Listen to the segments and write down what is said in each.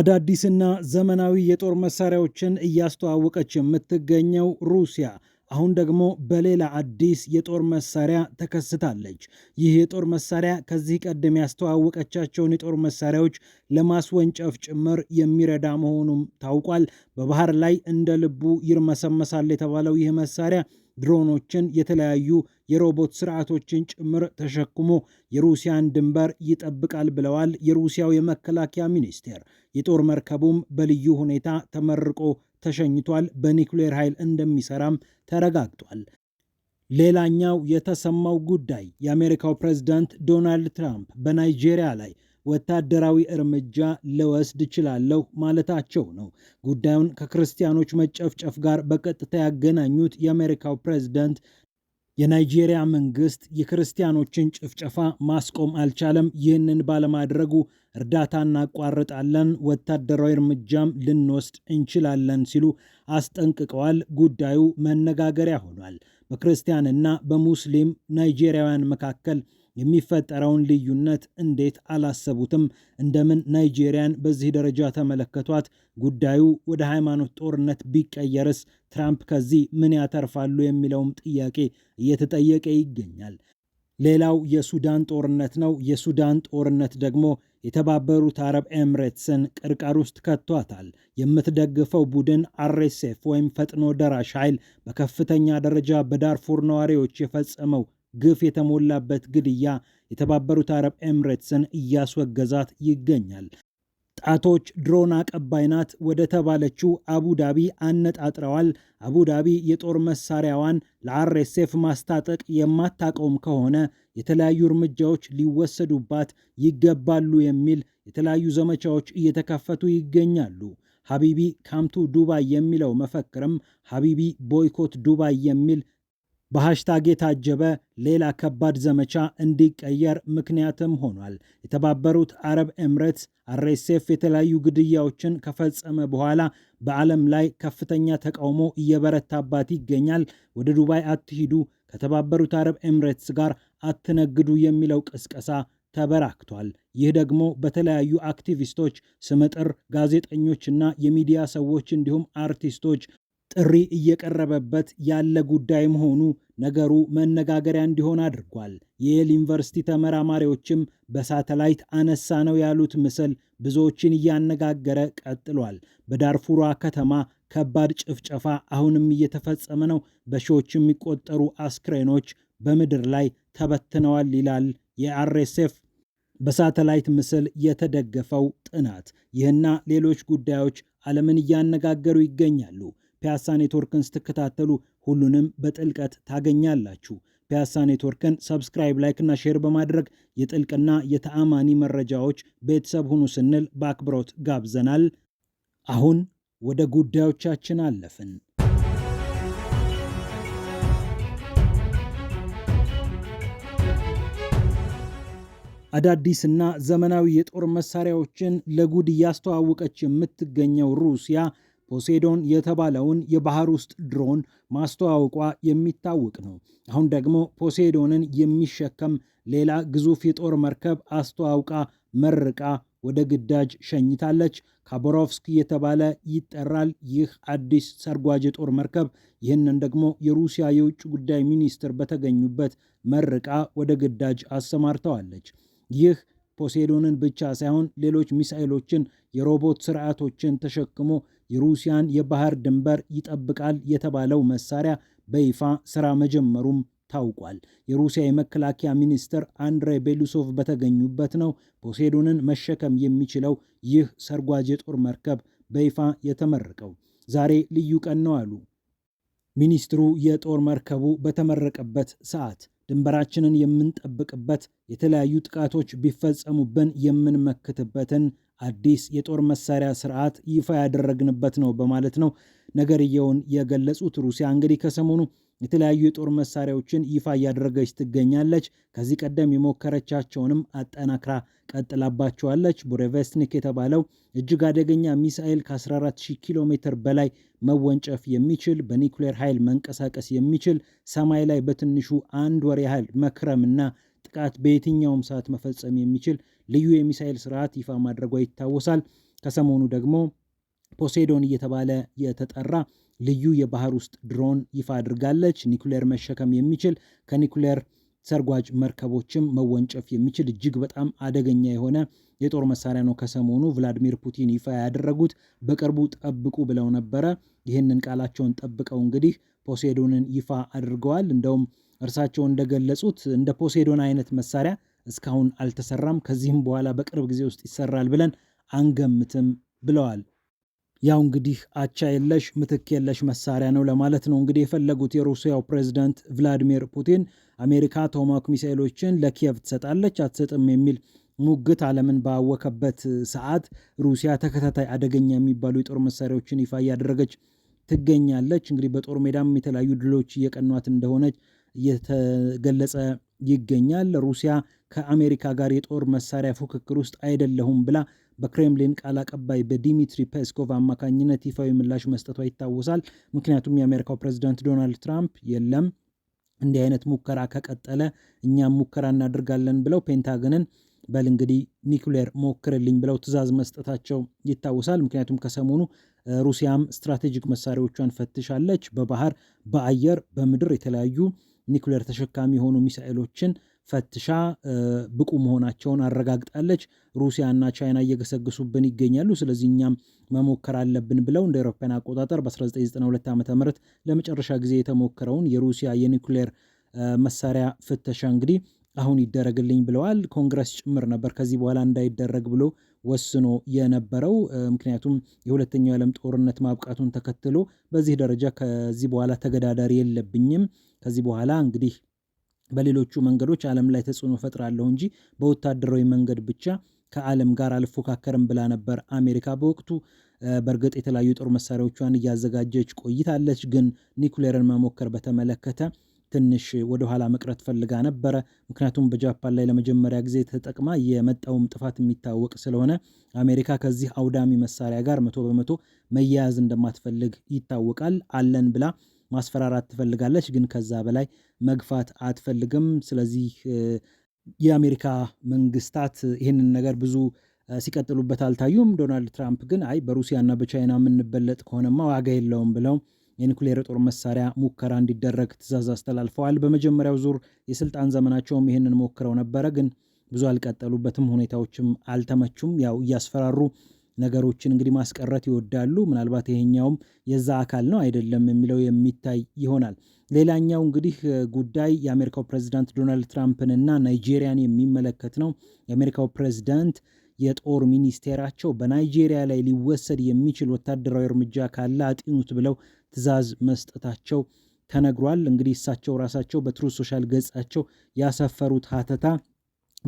አዳዲስና ዘመናዊ የጦር መሳሪያዎችን እያስተዋወቀች የምትገኘው ሩሲያ አሁን ደግሞ በሌላ አዲስ የጦር መሳሪያ ተከስታለች። ይህ የጦር መሳሪያ ከዚህ ቀደም ያስተዋወቀቻቸውን የጦር መሳሪያዎች ለማስወንጨፍ ጭምር የሚረዳ መሆኑም ታውቋል። በባህር ላይ እንደ ልቡ ይርመሰመሳል የተባለው ይህ መሳሪያ ድሮኖችን፣ የተለያዩ የሮቦት ስርዓቶችን ጭምር ተሸክሞ የሩሲያን ድንበር ይጠብቃል ብለዋል የሩሲያው የመከላከያ ሚኒስቴር። የጦር መርከቡም በልዩ ሁኔታ ተመርቆ ተሸኝቷል። በኒውክሌር ኃይል እንደሚሰራም ተረጋግጧል። ሌላኛው የተሰማው ጉዳይ የአሜሪካው ፕሬዝዳንት ዶናልድ ትራምፕ በናይጄሪያ ላይ ወታደራዊ እርምጃ ልወስድ እችላለሁ ማለታቸው ነው። ጉዳዩን ከክርስቲያኖች መጨፍጨፍ ጋር በቀጥታ ያገናኙት የአሜሪካው ፕሬዝዳንት የናይጄሪያ መንግስት የክርስቲያኖችን ጭፍጨፋ ማስቆም አልቻለም። ይህንን ባለማድረጉ እርዳታ እናቋርጣለን፣ ወታደራዊ እርምጃም ልንወስድ እንችላለን ሲሉ አስጠንቅቀዋል። ጉዳዩ መነጋገሪያ ሆኗል። በክርስቲያንና በሙስሊም ናይጄሪያውያን መካከል የሚፈጠረውን ልዩነት እንዴት አላሰቡትም? እንደምን ናይጄሪያን በዚህ ደረጃ ተመለከቷት? ጉዳዩ ወደ ሃይማኖት ጦርነት ቢቀየርስ ትራምፕ ከዚህ ምን ያተርፋሉ? የሚለውም ጥያቄ እየተጠየቀ ይገኛል። ሌላው የሱዳን ጦርነት ነው። የሱዳን ጦርነት ደግሞ የተባበሩት አረብ ኤምሬትስን ቅርቃር ውስጥ ከቷታል። የምትደግፈው ቡድን አርኤስኤፍ ወይም ፈጥኖ ደራሽ ኃይል በከፍተኛ ደረጃ በዳርፉር ነዋሪዎች የፈጸመው ግፍ የተሞላበት ግድያ የተባበሩት አረብ ኤምሬትስን እያስወገዛት ይገኛል። ጣቶች ድሮን አቀባይ ናት ወደ ተባለችው ዳቢ አነጣጥረዋል። ዳቢ የጦር መሳሪያዋን ለአርኤስኤፍ ማስታጠቅ የማታቀውም ከሆነ የተለያዩ እርምጃዎች ሊወሰዱባት ይገባሉ የሚል የተለያዩ ዘመቻዎች እየተከፈቱ ይገኛሉ። ሀቢቢ ካምቱ ዱባይ የሚለው መፈክርም ሀቢቢ ቦይኮት ዱባይ የሚል በሃሽታግ የታጀበ ሌላ ከባድ ዘመቻ እንዲቀየር ምክንያትም ሆኗል። የተባበሩት አረብ ኤምሬትስ አርኤስኤፍ የተለያዩ ግድያዎችን ከፈጸመ በኋላ በዓለም ላይ ከፍተኛ ተቃውሞ እየበረታባት ይገኛል። ወደ ዱባይ አትሂዱ፣ ከተባበሩት አረብ ኤምሬትስ ጋር አትነግዱ የሚለው ቅስቀሳ ተበራክቷል። ይህ ደግሞ በተለያዩ አክቲቪስቶች፣ ስመጥር ጋዜጠኞች እና የሚዲያ ሰዎች እንዲሁም አርቲስቶች ጥሪ እየቀረበበት ያለ ጉዳይ መሆኑ ነገሩ መነጋገሪያ እንዲሆን አድርጓል። የየል ዩኒቨርሲቲ ተመራማሪዎችም በሳተላይት አነሳ ነው ያሉት ምስል ብዙዎችን እያነጋገረ ቀጥሏል። በዳርፉሯ ከተማ ከባድ ጭፍጨፋ አሁንም እየተፈጸመ ነው። በሺዎች የሚቆጠሩ አስክሬኖች በምድር ላይ ተበትነዋል ይላል የአርኤስኤፍ በሳተላይት ምስል የተደገፈው ጥናት። ይህና ሌሎች ጉዳዮች ዓለምን እያነጋገሩ ይገኛሉ። ፒያሳ ኔትወርክን ስትከታተሉ ሁሉንም በጥልቀት ታገኛላችሁ። ፒያሳ ኔትወርክን ሰብስክራይብ፣ ላይክና ሼር በማድረግ የጥልቅና የተአማኒ መረጃዎች ቤተሰብ ሁኑ ስንል በአክብሮት ጋብዘናል። አሁን ወደ ጉዳዮቻችን አለፍን። አዳዲስና ዘመናዊ የጦር መሳሪያዎችን ለጉድ እያስተዋወቀች የምትገኘው ሩሲያ ፖሴዶን የተባለውን የባህር ውስጥ ድሮን ማስተዋወቋ የሚታወቅ ነው። አሁን ደግሞ ፖሴዶንን የሚሸከም ሌላ ግዙፍ የጦር መርከብ አስተዋውቃ መርቃ ወደ ግዳጅ ሸኝታለች። ካቦሮቭስክ የተባለ ይጠራል። ይህ አዲስ ሰርጓጅ የጦር መርከብ ይህንን ደግሞ የሩሲያ የውጭ ጉዳይ ሚኒስትር በተገኙበት መርቃ ወደ ግዳጅ አሰማርተዋለች። ይህ ፖሴዶንን ብቻ ሳይሆን ሌሎች ሚሳኤሎችን፣ የሮቦት ስርዓቶችን ተሸክሞ የሩሲያን የባህር ድንበር ይጠብቃል የተባለው መሳሪያ በይፋ ስራ መጀመሩም ታውቋል። የሩሲያ የመከላከያ ሚኒስትር አንድሬ ቤሉሶቭ በተገኙበት ነው ፖሴዶንን መሸከም የሚችለው ይህ ሰርጓጅ የጦር መርከብ በይፋ የተመረቀው። ዛሬ ልዩ ቀን ነው አሉ ሚኒስትሩ። የጦር መርከቡ በተመረቀበት ሰዓት ድንበራችንን የምንጠብቅበት፣ የተለያዩ ጥቃቶች ቢፈጸሙብን የምንመክትበትን አዲስ የጦር መሳሪያ ስርዓት ይፋ ያደረግንበት ነው በማለት ነው ነገርየውን የገለጹት። ሩሲያ እንግዲህ ከሰሞኑ የተለያዩ የጦር መሳሪያዎችን ይፋ እያደረገች ትገኛለች። ከዚህ ቀደም የሞከረቻቸውንም አጠናክራ ቀጥላባቸዋለች። ቡሬቬስትኒክ የተባለው እጅግ አደገኛ ሚሳኤል ከ140 ኪሎ ሜትር በላይ መወንጨፍ የሚችል በኒውክሌር ኃይል መንቀሳቀስ የሚችል ሰማይ ላይ በትንሹ አንድ ወር ያህል መክረምና ጥቃት በየትኛውም ሰዓት መፈጸም የሚችል ልዩ የሚሳኤል ስርዓት ይፋ ማድረጓ ይታወሳል። ከሰሞኑ ደግሞ ፖሴዶን እየተባለ የተጠራ ልዩ የባህር ውስጥ ድሮን ይፋ አድርጋለች። ኒኩሌር መሸከም የሚችል ከኒኩሌር ሰርጓጅ መርከቦችም መወንጨፍ የሚችል እጅግ በጣም አደገኛ የሆነ የጦር መሳሪያ ነው። ከሰሞኑ ቭላዲሚር ፑቲን ይፋ ያደረጉት በቅርቡ ጠብቁ ብለው ነበረ። ይህንን ቃላቸውን ጠብቀው እንግዲህ ፖሴዶንን ይፋ አድርገዋል። እንደውም እርሳቸው እንደገለጹት እንደ ፖሴዶን አይነት መሳሪያ እስካሁን አልተሰራም፣ ከዚህም በኋላ በቅርብ ጊዜ ውስጥ ይሰራል ብለን አንገምትም ብለዋል። ያው እንግዲህ አቻ የለሽ ምትክ የለሽ መሳሪያ ነው ለማለት ነው እንግዲህ የፈለጉት። የሩሲያው ፕሬዝዳንት ቭላዲሚር ፑቲን አሜሪካ ቶማክ ሚሳኤሎችን ለኪየቭ ትሰጣለች አትሰጥም የሚል ሙግት ዓለምን ባወከበት ሰዓት ሩሲያ ተከታታይ አደገኛ የሚባሉ የጦር መሳሪያዎችን ይፋ እያደረገች ትገኛለች። እንግዲህ በጦር ሜዳም የተለያዩ ድሎች እየቀኗት እንደሆነች እየተገለጸ ይገኛል። ሩሲያ ከአሜሪካ ጋር የጦር መሳሪያ ፉክክር ውስጥ አይደለሁም ብላ በክሬምሊን ቃል አቀባይ በዲሚትሪ ፔስኮቭ አማካኝነት ይፋዊ ምላሽ መስጠቷ ይታወሳል። ምክንያቱም የአሜሪካው ፕሬዚዳንት ዶናልድ ትራምፕ የለም እንዲህ አይነት ሙከራ ከቀጠለ እኛም ሙከራ እናደርጋለን ብለው ፔንታገንን በል እንግዲህ ኒውክሌር ሞክርልኝ ብለው ትዕዛዝ መስጠታቸው ይታወሳል። ምክንያቱም ከሰሞኑ ሩሲያም ስትራቴጂክ መሳሪያዎቿን ፈትሻለች። በባህር፣ በአየር፣ በምድር የተለያዩ ኒክሌር ተሸካሚ የሆኑ ሚሳኤሎችን ፈትሻ ብቁ መሆናቸውን አረጋግጣለች። ሩሲያና ቻይና እየገሰገሱብን ይገኛሉ፣ ስለዚህ እኛም መሞከር አለብን ብለው እንደ አውሮፓውያን አቆጣጠር በ1992 ዓ ም ለመጨረሻ ጊዜ የተሞከረውን የሩሲያ የኒክሌር መሳሪያ ፍተሻ እንግዲህ አሁን ይደረግልኝ ብለዋል። ኮንግረስ ጭምር ነበር ከዚህ በኋላ እንዳይደረግ ብሎ ወስኖ የነበረው ምክንያቱም የሁለተኛው የዓለም ጦርነት ማብቃቱን ተከትሎ በዚህ ደረጃ ከዚህ በኋላ ተገዳዳሪ የለብኝም ከዚህ በኋላ እንግዲህ በሌሎቹ መንገዶች ዓለም ላይ ተጽዕኖ ፈጥራለሁ እንጂ በወታደራዊ መንገድ ብቻ ከዓለም ጋር አልፎካከርም ብላ ነበር አሜሪካ በወቅቱ። በእርግጥ የተለያዩ ጦር መሳሪያዎቿን እያዘጋጀች ቆይታለች፣ ግን ኒኩሌርን መሞከር በተመለከተ ትንሽ ወደኋላ መቅረት ፈልጋ ነበረ። ምክንያቱም በጃፓን ላይ ለመጀመሪያ ጊዜ ተጠቅማ የመጣውም ጥፋት የሚታወቅ ስለሆነ አሜሪካ ከዚህ አውዳሚ መሳሪያ ጋር መቶ በመቶ መያያዝ እንደማትፈልግ ይታወቃል። አለን ብላ ማስፈራራት ትፈልጋለች፣ ግን ከዛ በላይ መግፋት አትፈልግም። ስለዚህ የአሜሪካ መንግስታት ይህንን ነገር ብዙ ሲቀጥሉበት አልታዩም። ዶናልድ ትራምፕ ግን አይ በሩሲያና በቻይና የምንበለጥ ከሆነማ ዋጋ የለውም ብለው የኒኩሌር ጦር መሳሪያ ሙከራ እንዲደረግ ትዕዛዝ አስተላልፈዋል። በመጀመሪያው ዙር የስልጣን ዘመናቸውም ይህንን ሞክረው ነበረ፣ ግን ብዙ አልቀጠሉበትም። ሁኔታዎችም አልተመቹም። ያው እያስፈራሩ ነገሮችን እንግዲህ ማስቀረት ይወዳሉ። ምናልባት ይሄኛውም የዛ አካል ነው አይደለም የሚለው የሚታይ ይሆናል። ሌላኛው እንግዲህ ጉዳይ የአሜሪካው ፕሬዚዳንት ዶናልድ ትራምፕን እና ናይጄሪያን የሚመለከት ነው። የአሜሪካው ፕሬዚዳንት የጦር ሚኒስቴራቸው በናይጄሪያ ላይ ሊወሰድ የሚችል ወታደራዊ እርምጃ ካለ አጢኑት ብለው ትዕዛዝ መስጠታቸው ተነግሯል። እንግዲህ እሳቸው ራሳቸው በትሩ ሶሻል ገጻቸው ያሰፈሩት ሀተታ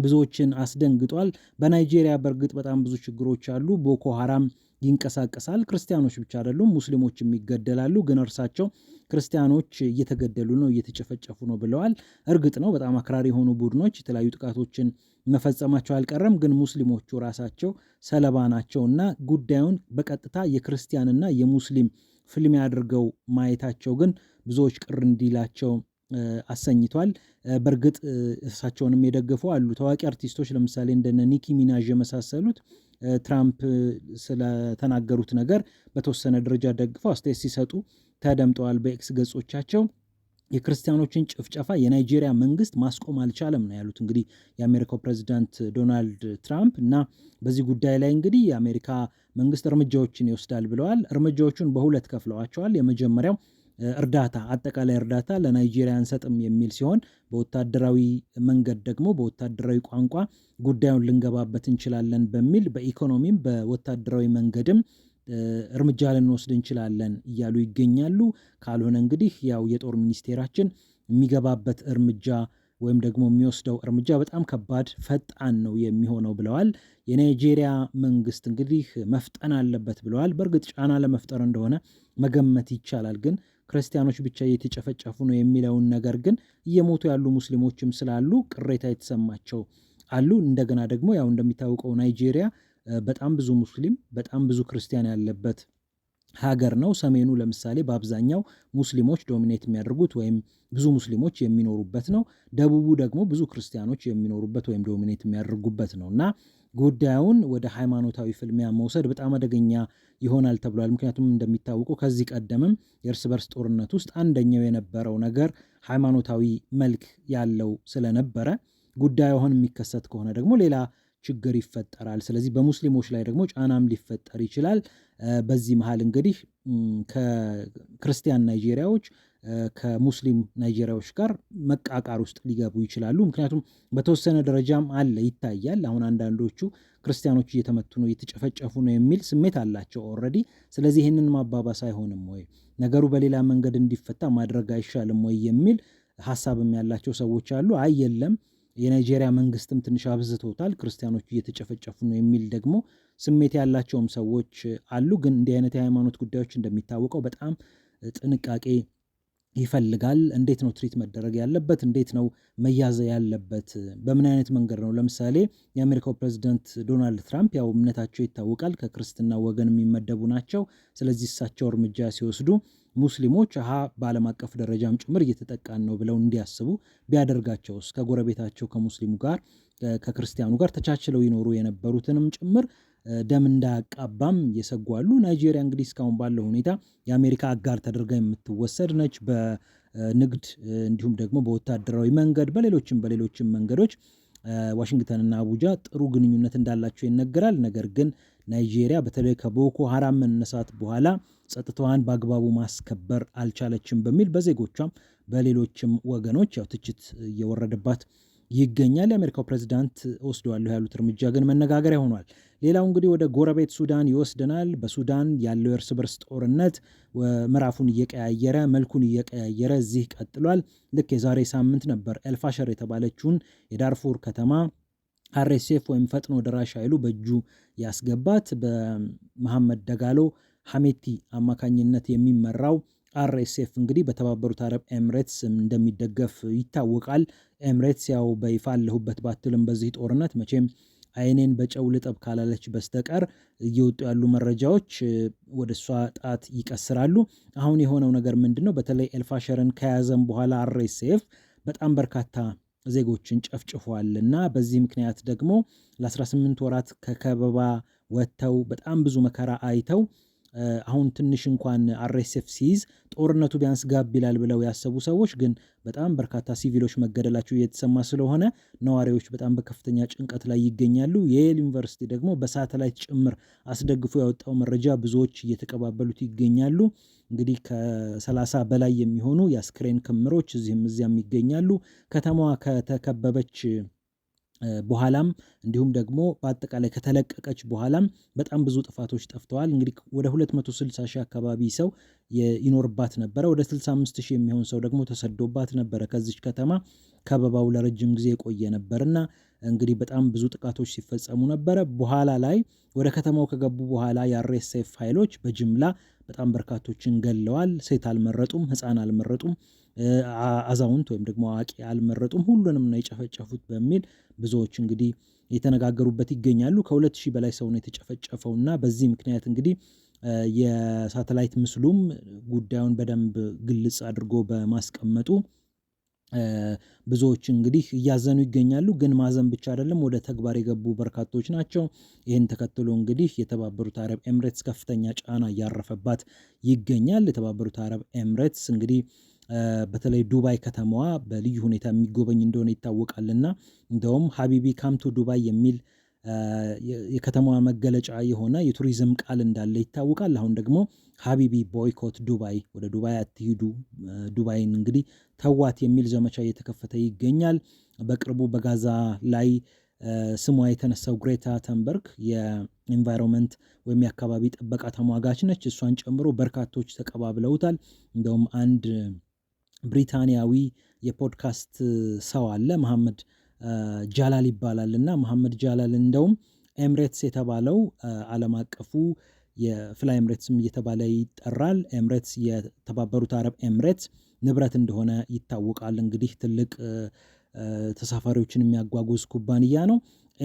ብዙዎችን አስደንግጧል። በናይጄሪያ በእርግጥ በጣም ብዙ ችግሮች አሉ። ቦኮ ሀራም ይንቀሳቀሳል። ክርስቲያኖች ብቻ አይደሉም፣ ሙስሊሞችም ይገደላሉ። ግን እርሳቸው ክርስቲያኖች እየተገደሉ ነው፣ እየተጨፈጨፉ ነው ብለዋል። እርግጥ ነው በጣም አክራሪ የሆኑ ቡድኖች የተለያዩ ጥቃቶችን መፈጸማቸው አልቀረም። ግን ሙስሊሞቹ ራሳቸው ሰለባ ናቸው እና ጉዳዩን በቀጥታ የክርስቲያንና የሙስሊም ፍልሚያ አድርገው ማየታቸው ግን ብዙዎች ቅር እንዲላቸው አሰኝቷል። በእርግጥ እሳቸውንም የደገፉ አሉ። ታዋቂ አርቲስቶች ለምሳሌ እንደነ ኒኪ ሚናዥ የመሳሰሉት ትራምፕ ስለተናገሩት ነገር በተወሰነ ደረጃ ደግፈው አስተያየት ሲሰጡ ተደምጠዋል በኤክስ ገጾቻቸው። የክርስቲያኖችን ጭፍጨፋ የናይጄሪያ መንግስት ማስቆም አልቻለም ነው ያሉት እንግዲህ የአሜሪካው ፕሬዚዳንት ዶናልድ ትራምፕ እና በዚህ ጉዳይ ላይ እንግዲህ የአሜሪካ መንግስት እርምጃዎችን ይወስዳል ብለዋል። እርምጃዎቹን በሁለት ከፍለዋቸዋል። የመጀመሪያው እርዳታ አጠቃላይ እርዳታ ለናይጄሪያ አንሰጥም የሚል ሲሆን በወታደራዊ መንገድ ደግሞ በወታደራዊ ቋንቋ ጉዳዩን ልንገባበት እንችላለን በሚል በኢኮኖሚም በወታደራዊ መንገድም እርምጃ ልንወስድ እንችላለን እያሉ ይገኛሉ። ካልሆነ እንግዲህ ያው የጦር ሚኒስቴራችን የሚገባበት እርምጃ ወይም ደግሞ የሚወስደው እርምጃ በጣም ከባድ ፈጣን ነው የሚሆነው ብለዋል። የናይጄሪያ መንግስት እንግዲህ መፍጠን አለበት ብለዋል። በእርግጥ ጫና ለመፍጠር እንደሆነ መገመት ይቻላል ግን ክርስቲያኖች ብቻ እየተጨፈጨፉ ነው የሚለውን ነገር ግን እየሞቱ ያሉ ሙስሊሞችም ስላሉ ቅሬታ የተሰማቸው አሉ። እንደገና ደግሞ ያው እንደሚታወቀው ናይጄሪያ በጣም ብዙ ሙስሊም በጣም ብዙ ክርስቲያን ያለበት ሀገር ነው። ሰሜኑ ለምሳሌ በአብዛኛው ሙስሊሞች ዶሚኔት የሚያደርጉት ወይም ብዙ ሙስሊሞች የሚኖሩበት ነው። ደቡቡ ደግሞ ብዙ ክርስቲያኖች የሚኖሩበት ወይም ዶሚኔት የሚያደርጉበት ነው እና ጉዳዩን ወደ ሃይማኖታዊ ፍልሚያ መውሰድ በጣም አደገኛ ይሆናል ተብሏል። ምክንያቱም እንደሚታወቁ ከዚህ ቀደምም የእርስ በርስ ጦርነት ውስጥ አንደኛው የነበረው ነገር ሃይማኖታዊ መልክ ያለው ስለነበረ ጉዳዩ አሁን የሚከሰት ከሆነ ደግሞ ሌላ ችግር ይፈጠራል። ስለዚህ በሙስሊሞች ላይ ደግሞ ጫናም ሊፈጠር ይችላል። በዚህ መሀል እንግዲህ ከክርስቲያን ናይጄሪያዎች ከሙስሊም ናይጄሪያዎች ጋር መቃቃር ውስጥ ሊገቡ ይችላሉ። ምክንያቱም በተወሰነ ደረጃም አለ ይታያል። አሁን አንዳንዶቹ ክርስቲያኖች እየተመቱ ነው፣ እየተጨፈጨፉ ነው የሚል ስሜት አላቸው ኦልሬዲ። ስለዚህ ይህንን ማባባስ አይሆንም ወይ ነገሩ በሌላ መንገድ እንዲፈታ ማድረግ አይሻልም ወይ የሚል ሀሳብም ያላቸው ሰዎች አሉ። አይ የለም የናይጄሪያ መንግስትም ትንሽ አብዝቶታል፣ ክርስቲያኖቹ እየተጨፈጨፉ ነው የሚል ደግሞ ስሜት ያላቸውም ሰዎች አሉ። ግን እንዲህ አይነት የሃይማኖት ጉዳዮች እንደሚታወቀው በጣም ጥንቃቄ ይፈልጋል። እንዴት ነው ትሪት መደረግ ያለበት? እንዴት ነው መያዘ ያለበት? በምን አይነት መንገድ ነው? ለምሳሌ የአሜሪካው ፕሬዚደንት ዶናልድ ትራምፕ ያው እምነታቸው ይታወቃል፣ ከክርስትና ወገን የሚመደቡ ናቸው። ስለዚህ እሳቸው እርምጃ ሲወስዱ ሙስሊሞች ሀ በዓለም አቀፍ ደረጃም ጭምር እየተጠቃን ነው ብለው እንዲያስቡ ቢያደርጋቸው ከጎረቤታቸው ከሙስሊሙ ጋር ከክርስቲያኑ ጋር ተቻችለው ይኖሩ የነበሩትንም ጭምር ደም እንዳያቃባም የሰጉ አሉ። ናይጄሪያ እንግዲህ እስካሁን ባለው ሁኔታ የአሜሪካ አጋር ተደርጋ የምትወሰድ ነች። በንግድ እንዲሁም ደግሞ በወታደራዊ መንገድ በሌሎችም በሌሎችም መንገዶች ዋሽንግተንና አቡጃ ጥሩ ግንኙነት እንዳላቸው ይነገራል። ነገር ግን ናይጄሪያ በተለይ ከቦኮ ሀራም መነሳት በኋላ ጸጥታዋን በአግባቡ ማስከበር አልቻለችም በሚል በዜጎቿም በሌሎችም ወገኖች ያው ትችት እየወረደባት ይገኛል። የአሜሪካው ፕሬዚዳንት ወስደዋለሁ ያሉት እርምጃ ግን መነጋገሪያ ሆኗል። ሌላው እንግዲህ ወደ ጎረቤት ሱዳን ይወስደናል። በሱዳን ያለው የእርስ በርስ ጦርነት ምዕራፉን እየቀያየረ መልኩን እየቀያየረ እዚህ ቀጥሏል። ልክ የዛሬ ሳምንት ነበር ኤልፋሸር የተባለችውን የዳርፉር ከተማ አርኤስኤፍ ወይም ፈጥኖ ደራሽ ኃይሉ በእጁ ያስገባት በመሐመድ ደጋሎ ሐሜቲ አማካኝነት የሚመራው አርኤስኤፍ እንግዲህ በተባበሩት አረብ ኤምሬትስ እንደሚደገፍ ይታወቃል። ኤምሬትስ ያው በይፋ አለሁበት ባትልም በዚህ ጦርነት መቼም አይኔን በጨው ልጠብ ካላለች በስተቀር እየወጡ ያሉ መረጃዎች ወደ እሷ ጣት ይቀስራሉ። አሁን የሆነው ነገር ምንድን ነው? በተለይ ኤልፋሸርን ከያዘም በኋላ አርኤስኤፍ በጣም በርካታ ዜጎችን ጨፍጭፏል እና በዚህ ምክንያት ደግሞ ለ18 ወራት ከከበባ ወጥተው በጣም ብዙ መከራ አይተው አሁን ትንሽ እንኳን አርኤስኤፍ ሲይዝ ጦርነቱ ቢያንስ ጋብ ይላል ብለው ያሰቡ ሰዎች ግን በጣም በርካታ ሲቪሎች መገደላቸው እየተሰማ ስለሆነ ነዋሪዎች በጣም በከፍተኛ ጭንቀት ላይ ይገኛሉ። የየል ዩኒቨርሲቲ ደግሞ በሳተላይት ጭምር አስደግፎ ያወጣው መረጃ ብዙዎች እየተቀባበሉት ይገኛሉ። እንግዲህ ከሰላሳ በላይ የሚሆኑ የአስክሬን ክምሮች እዚህም እዚያም ይገኛሉ። ከተማዋ ከተከበበች በኋላም እንዲሁም ደግሞ በአጠቃላይ ከተለቀቀች በኋላም በጣም ብዙ ጥፋቶች ጠፍተዋል። እንግዲህ ወደ 260 ሺህ አካባቢ ሰው ይኖርባት ነበረ። ወደ 65 ሺህ የሚሆን ሰው ደግሞ ተሰዶባት ነበረ ከዚች ከተማ። ከበባው ለረጅም ጊዜ የቆየ ነበርና እንግዲህ በጣም ብዙ ጥቃቶች ሲፈጸሙ ነበረ። በኋላ ላይ ወደ ከተማው ከገቡ በኋላ የአርኤስኤፍ ኃይሎች በጅምላ በጣም በርካቶችን ገለዋል። ሴት አልመረጡም፣ ህፃን አልመረጡም፣ አዛውንት ወይም ደግሞ አዋቂ አልመረጡም። ሁሉንም ነው የጨፈጨፉት በሚል ብዙዎች እንግዲህ የተነጋገሩበት ይገኛሉ። ከሁለት ሺህ በላይ ሰው ነው ና በዚህ ምክንያት እንግዲህ የሳተላይት ምስሉም ጉዳዩን በደንብ ግልጽ አድርጎ በማስቀመጡ ብዙዎች እንግዲህ እያዘኑ ይገኛሉ። ግን ማዘን ብቻ አይደለም፣ ወደ ተግባር የገቡ በርካቶች ናቸው። ይህን ተከትሎ እንግዲህ የተባበሩት አረብ ኤምሬትስ ከፍተኛ ጫና እያረፈባት ይገኛል። የተባበሩት አረብ ኤምሬትስ እንግዲህ በተለይ ዱባይ ከተማዋ በልዩ ሁኔታ የሚጎበኝ እንደሆነ ይታወቃልና እንደውም ሀቢቢ ካምቱ ዱባይ የሚል የከተማዋ መገለጫ የሆነ የቱሪዝም ቃል እንዳለ ይታወቃል። አሁን ደግሞ ሀቢቢ ቦይኮት ዱባይ ወደ ዱባይ አትሂዱ ዱባይን እንግዲህ ተዋት የሚል ዘመቻ እየተከፈተ ይገኛል። በቅርቡ በጋዛ ላይ ስሟ የተነሳው ግሬታ ተንበርግ የኢንቫይሮንመንት ወይም የአካባቢ ጥበቃ ተሟጋች ነች። እሷን ጨምሮ በርካቶች ተቀባብለውታል። እንደውም አንድ ብሪታንያዊ የፖድካስት ሰው አለ መሐመድ ጃላል ይባላል እና መሐመድ ጃላል እንደውም ኤምሬትስ የተባለው ዓለም አቀፉ የፍላይ ኤምሬትስም እየተባለ ይጠራል። ኤምሬትስ የተባበሩት አረብ ኤምሬትስ ንብረት እንደሆነ ይታወቃል። እንግዲህ ትልቅ ተሳፋሪዎችን የሚያጓጉዝ ኩባንያ ነው።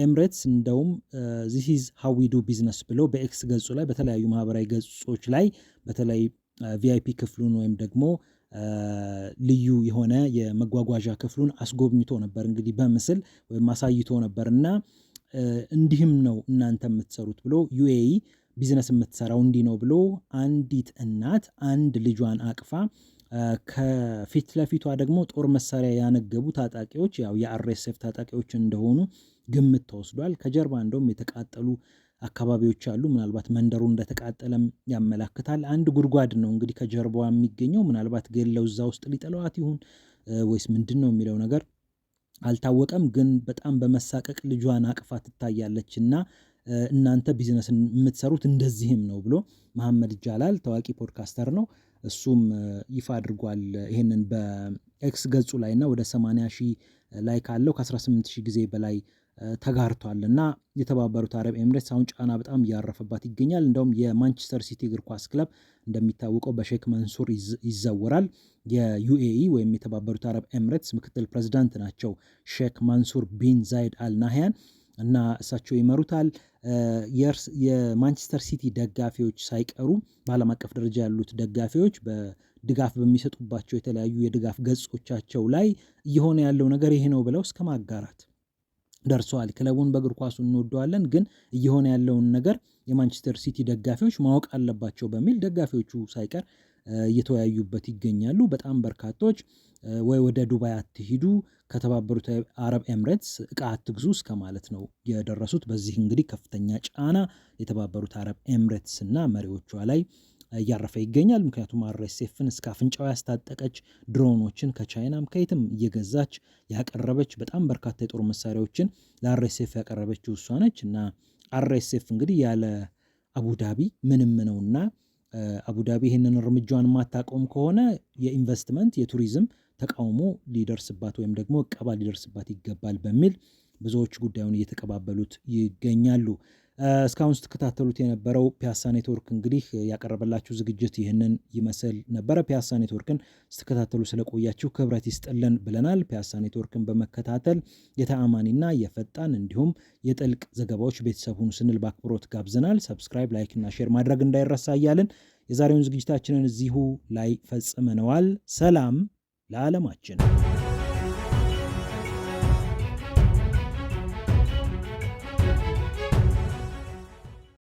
ኤምሬትስ እንደውም ዚስ ኢዝ ሃው ዊ ዱ ቢዝነስ ብሎ በኤክስ ገጹ ላይ በተለያዩ ማህበራዊ ገጾች ላይ በተለይ ቪአይፒ ክፍሉን ወይም ደግሞ ልዩ የሆነ የመጓጓዣ ክፍሉን አስጎብኝቶ ነበር እንግዲህ በምስል ወይም አሳይቶ ነበር እና እንዲህም ነው እናንተ የምትሰሩት ብሎ ዩኤኢ ቢዝነስ የምትሰራው እንዲህ ነው ብሎ አንዲት እናት አንድ ልጇን አቅፋ ከፊት ለፊቷ ደግሞ ጦር መሳሪያ ያነገቡ ታጣቂዎች ያው የአርኤስኤፍ ታጣቂዎች እንደሆኑ ግምት ተወስዷል። ከጀርባ እንደውም የተቃጠሉ አካባቢዎች አሉ። ምናልባት መንደሩ እንደተቃጠለም ያመላክታል። አንድ ጉድጓድ ነው እንግዲህ ከጀርባ የሚገኘው ምናልባት ገለው እዛ ውስጥ ሊጥለዋት ይሁን ወይስ ምንድን ነው የሚለው ነገር አልታወቀም። ግን በጣም በመሳቀቅ ልጇን አቅፋ ትታያለች እና እናንተ ቢዝነስን የምትሰሩት እንደዚህም ነው ብሎ መሐመድ ይጃላል ታዋቂ ፖድካስተር ነው። እሱም ይፋ አድርጓል ይሄንን በኤክስ ገጹ ላይ እና ወደ 80 ሺህ ላይ ካለው ከ18 ሺህ ጊዜ በላይ ተጋርቷል እና የተባበሩት አረብ ኤምሬትስ አሁን ጫና በጣም እያረፈባት ይገኛል። እንደውም የማንቸስተር ሲቲ እግር ኳስ ክለብ እንደሚታወቀው በሼክ መንሱር ይዘወራል። የዩኤኢ ወይም የተባበሩት አረብ ኤምሬትስ ምክትል ፕሬዚዳንት ናቸው ሼክ መንሱር ቢን ዛይድ አልናህያን እና እሳቸው ይመሩታል። የማንቸስተር ሲቲ ደጋፊዎች ሳይቀሩ በዓለም አቀፍ ደረጃ ያሉት ደጋፊዎች በድጋፍ በሚሰጡባቸው የተለያዩ የድጋፍ ገጾቻቸው ላይ እየሆነ ያለው ነገር ይሄ ነው ብለው እስከ ማጋራት ደርሰዋል። ክለቡን በእግር ኳሱ እንወደዋለን፣ ግን እየሆነ ያለውን ነገር የማንቸስተር ሲቲ ደጋፊዎች ማወቅ አለባቸው በሚል ደጋፊዎቹ ሳይቀር እየተወያዩበት ይገኛሉ። በጣም በርካቶች ወይ ወደ ዱባይ አትሂዱ፣ ከተባበሩት አረብ ኤምሬትስ እቃ አትግዙ እስከ ማለት ነው የደረሱት። በዚህ እንግዲህ ከፍተኛ ጫና የተባበሩት አረብ ኤምሬትስ እና መሪዎቿ ላይ እያረፈ ይገኛል። ምክንያቱም አርኤስኤፍን እስከ አፍንጫው ያስታጠቀች ድሮኖችን ከቻይናም ከየትም እየገዛች ያቀረበች በጣም በርካታ የጦር መሳሪያዎችን ለአርኤስኤፍ ያቀረበችው እሷ ነች እና አርኤስኤፍ እንግዲህ ያለ አቡዳቢ ምንም ነውና አቡዳቢ ይህንን እርምጃዋን የማታቆም ከሆነ የኢንቨስትመንት የቱሪዝም ተቃውሞ ሊደርስባት ወይም ደግሞ እቀባ ሊደርስባት ይገባል በሚል ብዙዎች ጉዳዩን እየተቀባበሉት ይገኛሉ። እስካሁን ስትከታተሉት የነበረው ፒያሳ ኔትወርክ እንግዲህ ያቀረበላችሁ ዝግጅት ይህንን ይመስል ነበረ። ፒያሳ ኔትወርክን ስትከታተሉ ስለቆያችሁ ክብረት ይስጥልን ብለናል። ፒያሳ ኔትወርክን በመከታተል የተአማኒና የፈጣን እንዲሁም የጥልቅ ዘገባዎች ቤተሰብ ሁኑ ስንል በአክብሮት ጋብዘናል። ሰብስክራይብ፣ ላይክና ሼር ማድረግ እንዳይረሳ እያልን የዛሬውን ዝግጅታችንን እዚሁ ላይ ፈጽመነዋል። ሰላም ለዓለማችን።